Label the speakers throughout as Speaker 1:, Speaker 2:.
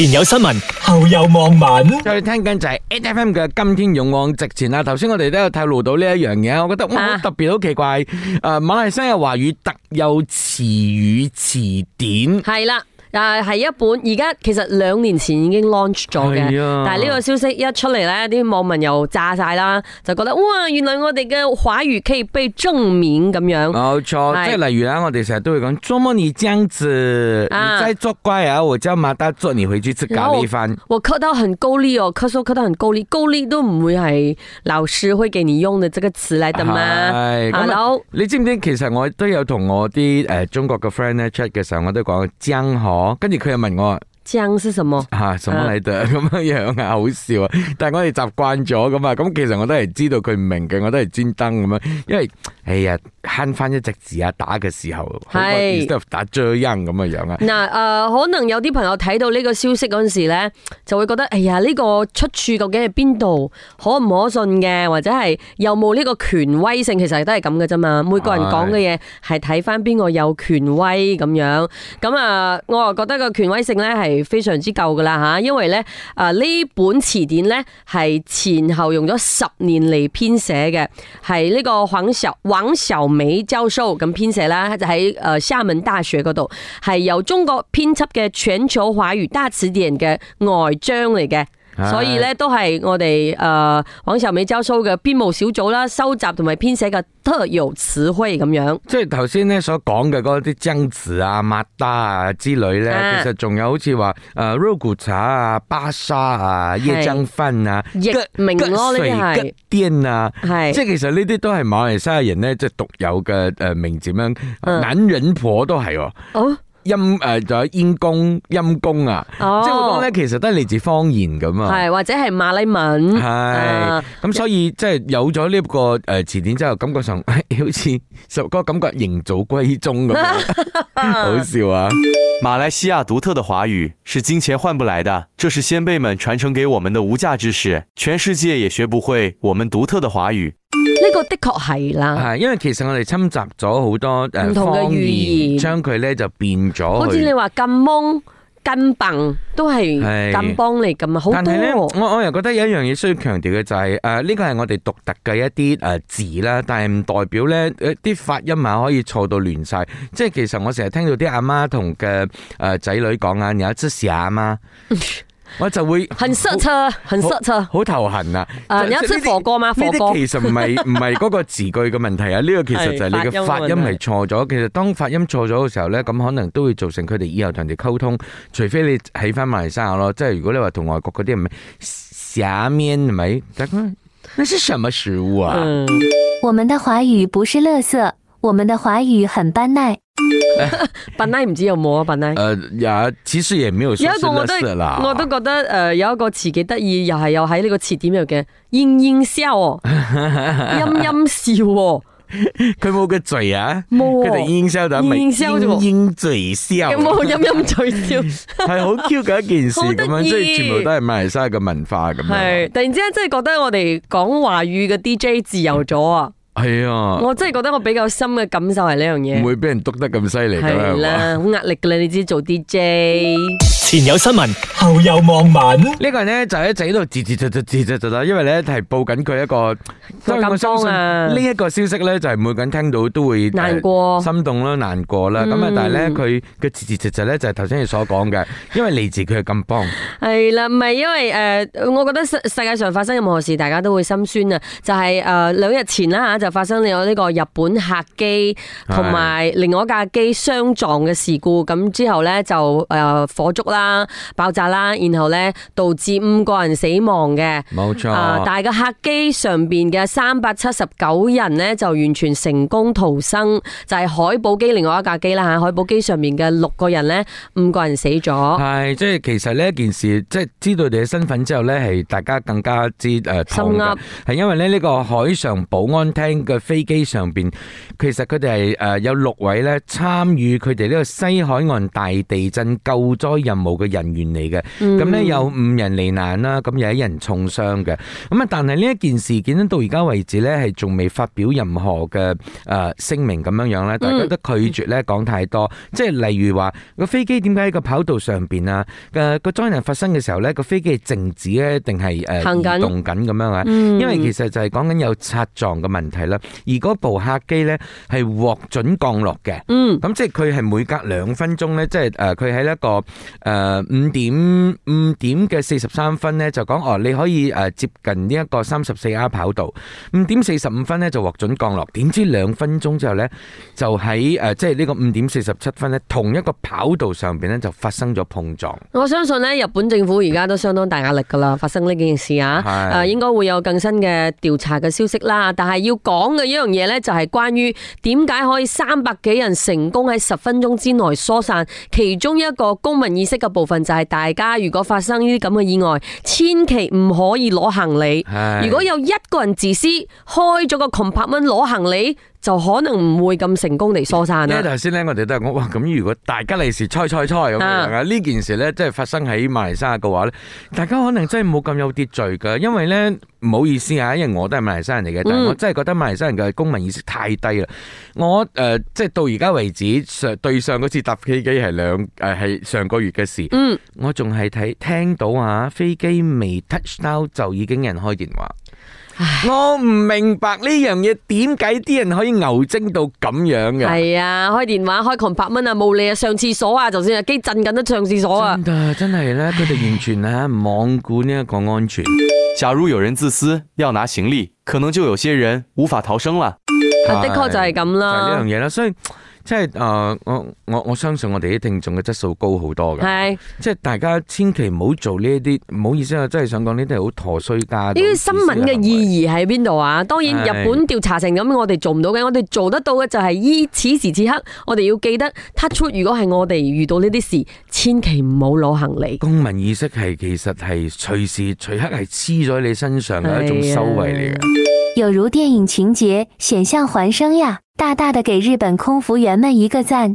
Speaker 1: 前有新聞，後有網民。我哋聽緊就係 8FM 嘅《今天勇往直前》啊！頭先我哋都有透露到呢一樣嘢，我覺得哇，特別好奇怪。誒、啊呃，馬來西亞華語特有詞語詞典
Speaker 2: 係啦。但係係一本，而家其實兩年前已經 launch 咗嘅。但係呢個消息一出嚟咧，啲網民又炸晒啦，就覺得哇，原來我哋嘅華語可以被正名咁樣。冇
Speaker 1: 錯，即係例如啦，我哋成日都會講，做乜你張子，啊、你真作怪啊！我真馬達得捉你回去吃咖喱飯，啊。
Speaker 2: 我咳到很夠力哦，咳嗽咳到很夠力，夠力都唔會係老師會給你用的這個詞來的嘛。Hello，、啊、
Speaker 1: 你知唔知其實我都有同我啲誒、呃、中國嘅 friend chat 嘅時候，我都講張學。跟住佢又問我。
Speaker 2: 「正」是什麼
Speaker 1: 吓、啊？什麼嚟咁、啊、樣樣啊？好笑啊！但係我哋習慣咗咁啊，咁其實我都係知道佢唔明嘅，我都係專登咁樣，因為哎呀慳翻一隻字啊打嘅時候係打遮音咁樣啊。
Speaker 2: 嗱誒、呃，可能有啲朋友睇到呢個消息嗰陣時咧，就會覺得哎呀呢、這個出處究竟係邊度，可唔可信嘅，或者係有冇呢個權威性？其實都係咁嘅啫嘛。每個人講嘅嘢係睇翻邊個有權威咁樣。咁啊、呃，我又覺得個權威性咧係。非常之夠噶啦吓，因為咧呢本詞典咧係前後用咗十年嚟編寫嘅，係呢個王小王小梅教授咁編寫啦，就喺誒廈門大學嗰度，係由中國編輯嘅《全球華語大詞典》嘅外章嚟嘅。所以咧，都係我哋誒皇室美洲蘇嘅編務小組啦，收集同埋編寫嘅特有詞彙咁樣。即
Speaker 1: 係頭先咧所講嘅嗰啲爭詞啊、抹打啊之類咧、啊，其實仲有好似話誒肉骨茶啊、巴沙啊、椰漿飯啊、吉吉、啊、水吉店啊，係即係其實呢啲都係馬來西亞人咧即係獨有嘅誒名字，咁、嗯、樣男人婆都係喎、哦。哦陰誒，仲、呃、有陰功陰功啊，哦、即係好多咧，其實都係嚟自方言咁啊。係
Speaker 2: 或者係馬來文。係、哎、
Speaker 1: 咁、呃嗯，所以即係、就是、有咗呢、這個誒詞、呃、典之後，感覺上、哎、好似個感覺認祖歸宗咁， 好笑啊！ 馬來西亞獨特的華語是金錢換不來的，這是先輩們傳承給我們的無價知識，全世界也學不會我們獨特的華語。呢、這個
Speaker 2: 的確係啦，
Speaker 1: 係因為其實我哋侵襲咗好多誒唔同嘅語言，將佢咧就變咗。好似你
Speaker 2: 話咁懵、咁笨，都係咁幫你咁好。但係咧，
Speaker 1: 我我又覺得有一樣嘢需要強調嘅就係、是、誒，呢、呃這個係我哋獨特嘅一啲誒字啦，但係唔代表咧誒啲發音啊可以錯到亂曬。即係其實我成日聽到啲阿媽同嘅誒仔女講啊，有一出事，阿媽。
Speaker 2: 我就會很塞車，很塞車，
Speaker 1: 好，好頭痕啊！啊、uh,，你要食火鍋嗎？火鍋其實唔係唔係嗰個字句嘅問題啊，呢 個其實就係你嘅發音係錯咗。其 實當發音錯咗嘅時候咧，咁 可能都會造成佢哋以後同人哋溝通，除非你起翻埋沙咯。即係如果你話同外國嗰啲人咩下面咪，睇下
Speaker 2: 那是什麼食物啊、 嗯？我們的華語不是垃圾，我們的華語很班奈。笨奶唔知有冇啊，笨奶。誒，也其實也沒有。有一個我都我都覺得誒，有一個詞幾得意，又係又喺呢個切入點嘅陰陰笑，
Speaker 1: 陰陰笑。佢冇個嘴啊，冇。佢哋陰陰笑就陰陰嘴笑， 有冇陰陰嘴
Speaker 2: 音音笑？係好 Q 嘅
Speaker 1: 一件事咁樣，即係全部都係馬來西亞嘅文化咁
Speaker 2: 樣。係突然之間即係覺得我哋講華語嘅 DJ 自由咗啊！
Speaker 1: 係啊！我真
Speaker 2: 係覺得我比較深嘅感受係呢樣嘢，唔會
Speaker 1: 俾人督得咁犀利噶啦，好
Speaker 2: 壓力噶啦！你知做 DJ，前
Speaker 1: 有新聞，後有網民。呢個人咧就一直喺度字字字字字字啦，因為咧係報緊佢一個，都咁幫啊！呢一個消息咧就係每緊聽到都會難過、心動啦，難過啦。咁啊，但係咧佢嘅字字字字咧就係頭先你所講嘅，因為嚟自佢係咁幫。
Speaker 2: 係啦，唔係因為誒，我覺得世世界上發生任何事，大家都會心酸啊！就係誒兩日前啦吓。就發生咗呢個日本客機同埋另外一架機相撞嘅事故，咁之後咧就誒火燭啦、爆炸啦，然後咧導致五個人死亡嘅，
Speaker 1: 冇錯。但係
Speaker 2: 個客機上邊嘅三百七十九人咧就完全成功逃生，就係海保機另外一架機啦吓，海保機上邊嘅六個人咧五個人死咗。係
Speaker 1: 即係其實呢一件事，即係知道你嘅身份之後咧，係大家更加之誒心痛，係因為咧呢個海上保安廳。嘅飛機上邊，其實佢哋係誒有六位咧參與佢哋呢他們個西海岸大地震救災任務嘅人員嚟嘅，咁、嗯、咧有五人罹難啦，咁有一人重傷嘅。咁啊，但係呢一件事件咧到而家為止咧係仲未發表任何嘅誒聲明咁樣樣咧，大家都拒絕咧講太多，嗯、即係例如話個飛機點解喺個跑道上邊啊？誒個災難發生嘅時候咧個飛機係靜止咧定係誒行緊動緊咁樣啊？因為其實就係講緊有擦撞嘅問題。嗯係啦，而嗰部客機咧係獲准降落嘅。嗯，咁即係佢係每隔兩分鐘咧，即係誒，佢喺一個誒五點五點嘅四十三分咧，就講哦，你可以誒接近呢一個三十四 R 跑道。五點四十五分咧就獲准降落，點知兩分鐘之後咧就喺誒即係呢個五點四十七分咧，同一個跑道上面咧就發生咗碰撞。
Speaker 2: 我相信咧，日本政府而家都相當大壓力㗎喇，發生呢件事啊，誒應該會有更新嘅調查嘅消息啦。但係要。講嘅一樣嘢呢，就係關於點解可以三百幾人成功喺十分鐘之內疏散。其中一個公民意識嘅部分就係，大家如果發生呢啲咁嘅意外，千祈唔可以攞行李。如果有一個人自私，開咗個 compartment 攞行李，就可能唔會咁成功地疏散啊！咧、yeah，
Speaker 1: 頭先咧，我哋都係我哇，咁如果大家利是猜猜猜咁樣啊，呢、yeah. 件事咧，即係發生喺馬來西亞嘅話咧，大家可能真係冇咁有秩序噶，因為咧唔好意思啊，因為我都係馬來西亞人嚟嘅，但我真係覺得馬來西亞人嘅公民意識太低啦。Mm. 我誒、呃，即係到而家為止上對上嗰次搭飛機係兩誒係上個月嘅事，嗯、mm.，我仲係睇聽到啊，飛機未 touch 到就已經有人開電話。我唔明白呢樣嘢點解啲人可以牛精到咁樣嘅？
Speaker 2: 係啊，開電話開窮百蚊啊，冇理啊，上廁所啊，就算係機震緊都上廁所啊！真係
Speaker 1: 真係咧，佢哋完全咧罔顧呢個講安全。假如有人自私要拿行李，可能就有些人無法逃生啦。
Speaker 2: 的確就係咁啦。就係呢
Speaker 1: 樣嘢啦，所以。即係誒、呃，我我我相信我哋啲聽眾嘅質素高好多嘅。係，即係大家千祈唔好做呢一啲，唔好意思啊，真係想講呢啲係好陀衰家。呢啲新聞嘅
Speaker 2: 意義喺邊度啊？當然，日本調查成咁，我哋做唔到嘅，我哋做得到嘅就係依此時此刻，我哋要記得 touch out。如果係我哋遇到呢啲事，千祈唔好攞行李。
Speaker 1: 公民意識係其實係隨時、隨刻係黐咗你身上嘅一種修為嚟
Speaker 2: 嘅。有如電影情節，險象環生呀！大大的給日本空服員們一個讚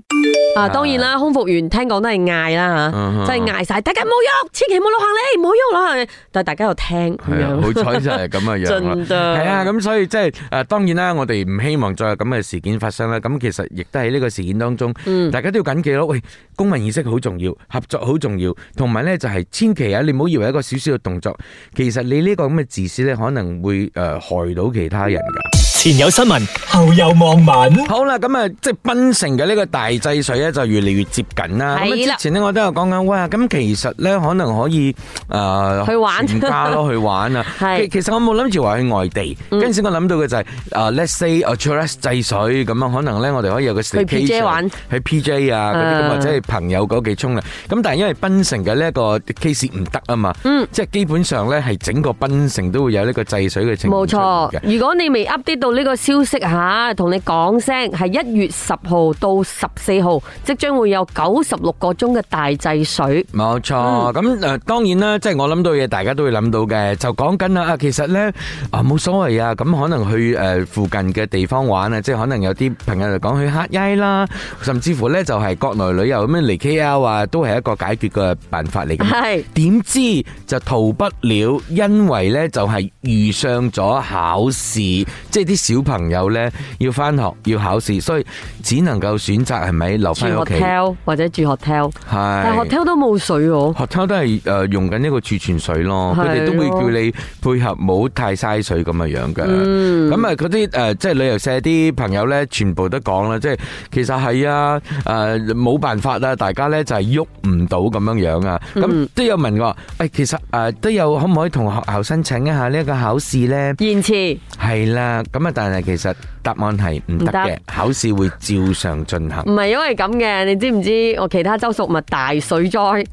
Speaker 2: 啊！當然啦，空服員聽講都係嗌啦吓，真係嗌晒，大家冇喐，千祈冇落行李，冇喐落去。但係大家又聽，好彩就係咁嘅樣啦。係啊，
Speaker 1: 咁、啊、所以即係誒，當然啦，我哋唔希望再有咁嘅事件發生啦。咁其實亦都喺呢個事件當中，大家都要謹記咯。喂、哎，公民意識好重要，合作好重要，同埋咧就係千祈啊，你唔好以為一個小小嘅動作，其實你呢個咁嘅自私咧，可能會誒害到其他人噶。前有新聞，後有網民。好啦，咁啊，即係檳城嘅呢個大制水咧，就越嚟越接近啦。係啦，之前咧我都有講緊，哇，咁其實咧可能可以誒去玩加咯，去玩啊。係，其實我冇諗住話去外地，跟住我諗到嘅就係誒，let's say a trust 制水咁啊，可能咧我哋可以有個去 PJ 玩，去 PJ 啊嗰啲，或者係朋友嗰幾沖啊。咁但係因為檳城嘅呢個 case 唔得啊嘛，嗯，即係基本上咧係整個檳城都會有呢個制水嘅情況。冇錯
Speaker 2: 嘅，如果你未 update 到。呢個消息吓，同你講聲，係一月十號到十四號，即將會有九十六個鐘嘅大制水。冇錯，
Speaker 1: 咁誒，當然啦，即係我諗到嘢，大家都會諗到嘅，就講緊啦。啊，其實咧，啊冇所謂啊，咁可能去誒附近嘅地方玩啊，即係可能有啲朋友嚟講去黑伊啦，甚至乎咧就係國內旅遊咁樣嚟 KL 啊，都係一個解決嘅辦法嚟嘅。係，點知就逃不了，因為咧就係遇上咗考試，即係啲。小朋友咧要翻學要考試，所以只能夠選擇係咪留翻屋企，住 hotel
Speaker 2: 或者住 hotel。
Speaker 1: 係，但係 hotel
Speaker 2: 都冇水喎。
Speaker 1: hotel 都係誒用緊呢個儲存水咯，佢哋都會叫你配合，冇太嘥水咁嘅樣嘅。咁啊，嗰啲誒即係旅遊社啲朋友咧，全部都講啦，即係其實係啊，誒冇辦法啦，大家咧就係喐唔到咁樣樣啊。咁都有問過，誒其實誒都有可唔可以同學校申請一下呢一個考試咧延遲？係啦，咁啊，但係其實答案係唔得嘅，考試會照
Speaker 2: 常進行。唔係因為咁嘅，你知唔知？我其他州屬咪大水災，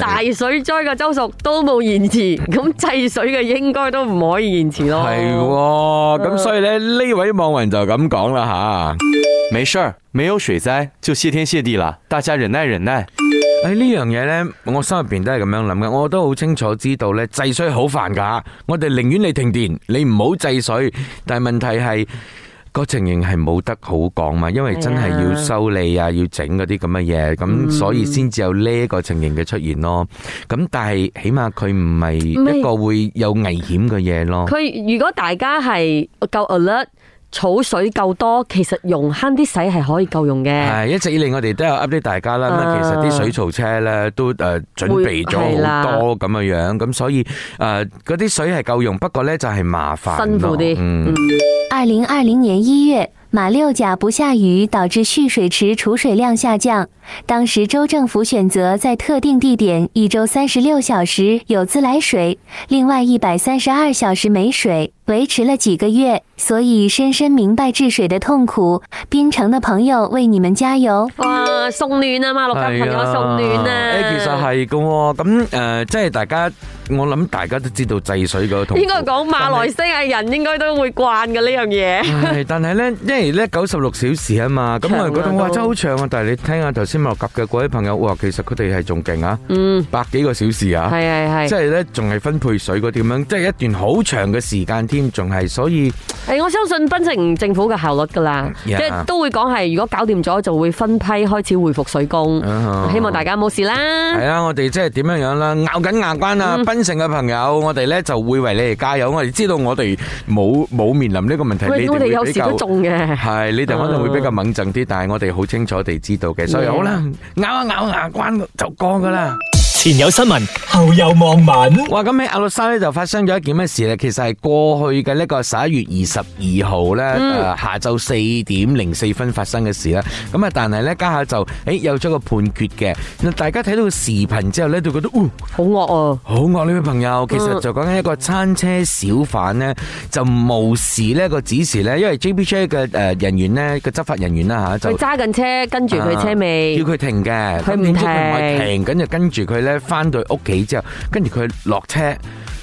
Speaker 2: 大水災個州屬都冇延遲，咁制水嘅應該都唔可以延遲咯。係，
Speaker 1: 咁所以咧呢位網民就咁講啦吓。沒事兒，沒有水災就謝天謝地啦，大家忍耐忍耐。誒，呢樣嘢咧，我心入邊都係咁樣諗嘅，我都好清楚知道咧，制水好煩噶，我哋寧願你停電，你唔好制水，但係問題係個情形係冇得好講嘛，因為真係要修理啊，要整嗰啲咁嘅嘢，咁所以先至有呢個情形嘅出現咯。咁但係起碼佢唔係一個會有危險嘅嘢咯。佢
Speaker 2: 如果大家係夠 alert，儲水夠多，其實用慳啲洗係可以夠用嘅。
Speaker 1: 係，一直以嚟我哋都有 update 大家啦、呃。其實啲水槽車咧都誒準備咗好多咁樣樣，咁所以誒嗰啲水係夠用，不過咧就係麻煩。辛苦啲。二
Speaker 2: 零二零年一月。馬六甲不下雨，導致蓄水池儲水量下降。當時州政府選擇在特定地點一周三十六小時有自來水，另外一百三十二小時沒水，維持了幾個月。所以深深明白治水的痛苦。檳城的朋友為你們加油！哇，送暖啊，馬六甲朋友，啊、送暖啊！誒、哎，其實係
Speaker 1: 噶、哦，咁誒、呃，即係大家，我諗大家都知道制水嘅痛苦。應
Speaker 2: 該講馬來西亞人應該都會慣嘅呢樣嘢。
Speaker 1: 係，但係咧，因為。哎呢九十六小時啊嘛，咁我覺得哇真係好長啊！但係你聽下頭先落夾嘅嗰位朋友，哇，其實佢哋係仲勁啊！嗯，百幾個小時啊，係係係，即係咧仲係分配水嗰啲咁樣，即係一段好長嘅時間添，仲係所以
Speaker 2: 誒，我相信檳城政府嘅效率㗎啦，即係都會講係如果搞掂咗就會分批開始恢復水供，希望大家冇事啦。
Speaker 1: 係啊，我哋即係點樣樣啦，咬緊牙關啊！檳城嘅朋友，我哋咧就會為你哋加油。我哋知道我哋冇冇面臨呢個問題，你哋會比較重嘅。係，你哋可能會比較猛震啲，uh... 但係我哋好清楚地知道嘅，所以好啦，yeah 啊，咬一咬牙關就過噶啦。前有新聞，後有網民。哇！咁喺亞羅山咧就發生咗一件乜事咧？其實係過去嘅呢個十一月二十二號咧，誒，下晝四點零四分發生嘅事啦。咁啊，但係咧家下就誒有咗個判決嘅。大家睇到個視頻之後咧，就覺得，哦，好惡啊！好惡呢位朋友。其實就講緊一個餐車小販咧，就無視呢一個指示咧，因為 JPJ 嘅誒人員咧嘅執法人員啦吓，就揸
Speaker 2: 緊車跟住佢車尾，
Speaker 1: 叫佢停嘅，佢唔停，停，咁就跟住佢咧。佢翻到屋企之後，跟住佢落車，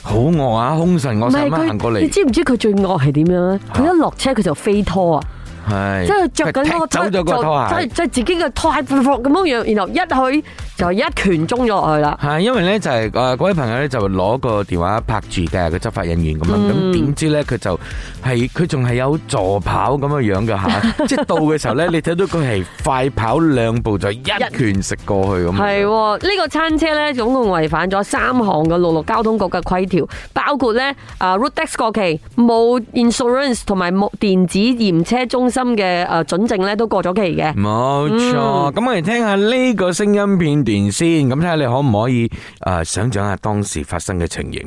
Speaker 1: 好惡啊，兇神惡煞咁行過嚟，你知
Speaker 2: 唔知佢最惡係點樣咧？佢、啊、一落車佢就飛拖啊！
Speaker 1: 係即係着緊個拖鞋，即係
Speaker 2: 即係自己嘅拖鞋服咁樣樣，然後一去就一拳中咗落去啦。係因
Speaker 1: 為咧就係、是、誒，位朋友咧就攞個電話拍住嘅個執法人員咁樣，咁、嗯、點知咧佢就係佢仲係有助跑咁嘅樣嘅吓， 即係到嘅時候咧，你睇到佢係快跑兩步就一拳食過去咁。係
Speaker 2: 呢、這個餐車咧，總共違反咗三項嘅陸路交通局嘅規條，包括咧啊 road tax 過期、冇 insurance 同埋冇電子驗車中心。嘅誒準證咧都過咗期嘅，
Speaker 1: 冇錯。噉我哋聽下呢個聲音片段先，噉睇下你可唔可以誒想像下當時發生嘅情形。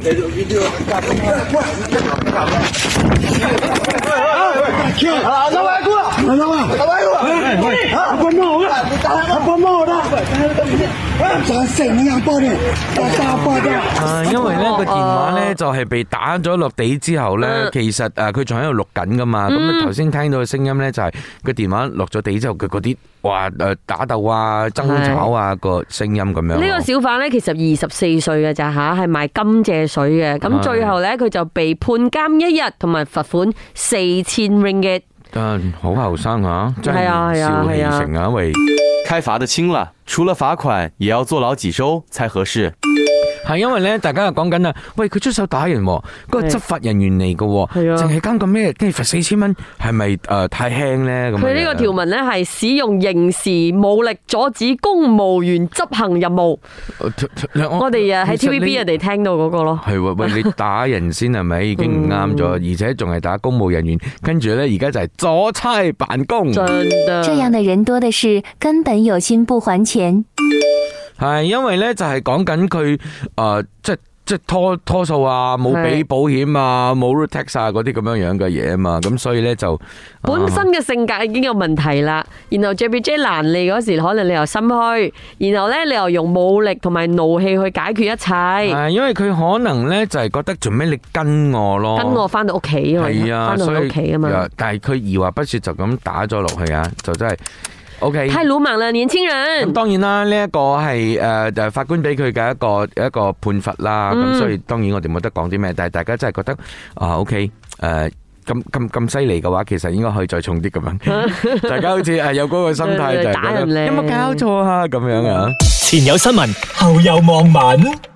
Speaker 1: 啊、因為呢個電話呢，就係、是、被打咗落地之後呢，其實誒佢仲喺度錄緊㗎嘛，咁頭先聽到嘅聲音呢，就係、是、個電話落咗地之後佢嗰啲。話，誒打鬥啊，爭吵啊，個聲音咁樣。呢個小
Speaker 2: 販咧，其實二十四歲嘅咋吓，係賣甘蔗水嘅。咁最後咧，佢就被判監一日同埋罰款四千 ringgit。
Speaker 1: 但好後生吓，真係少年成啊，因為開罰得輕啦，除了罰款也要坐牢幾周才合適。係因為咧，大家又講緊啊，喂，佢出手打人，嗰個執法人員嚟嘅，淨係監禁咩，跟住罰四千蚊，係咪誒太輕咧？咁佢呢個條
Speaker 2: 文咧係使用刑事武力阻止公務員執行任務。呃呃呃、我哋啊喺 TVB 人哋聽到嗰個咯。
Speaker 1: 係喂，你打人先係咪已經唔啱咗？而且仲係打公務人員，跟住咧而家就係阻差辦公。真這
Speaker 2: 樣嘅人多的是，根本有心不還錢。
Speaker 1: 係因為咧就係講緊佢誒，即係即係拖拖數啊，冇俾保險啊，冇 road tax 啊嗰啲咁樣樣嘅嘢啊嘛，咁所以咧就本身
Speaker 2: 嘅性格已經有問題啦。然後 JPJ 難你嗰時候，可能你又心虛，然後咧你又用武力同埋怒氣去解決一切。係，
Speaker 1: 因為佢可能咧就係覺得做咩你跟我咯，跟我
Speaker 2: 翻到屋企係啊，翻到屋企啊嘛。
Speaker 1: Yeah, 但係佢二話不說就咁打咗落去啊，就真係。O、okay, K，太魯莽了，年輕人。咁、嗯、當然啦，呢、這個呃、一個係誒法官俾佢嘅一個一個判罰啦。咁、嗯、所以當然我哋冇得講啲咩，但係大家真係覺得啊 O K，誒咁咁咁犀利嘅話，其實應該可以再重啲咁樣。 大家好似係有嗰個心態，就覺得 打有冇搞錯
Speaker 2: 啊咁樣啊？前有新聞，後有網民。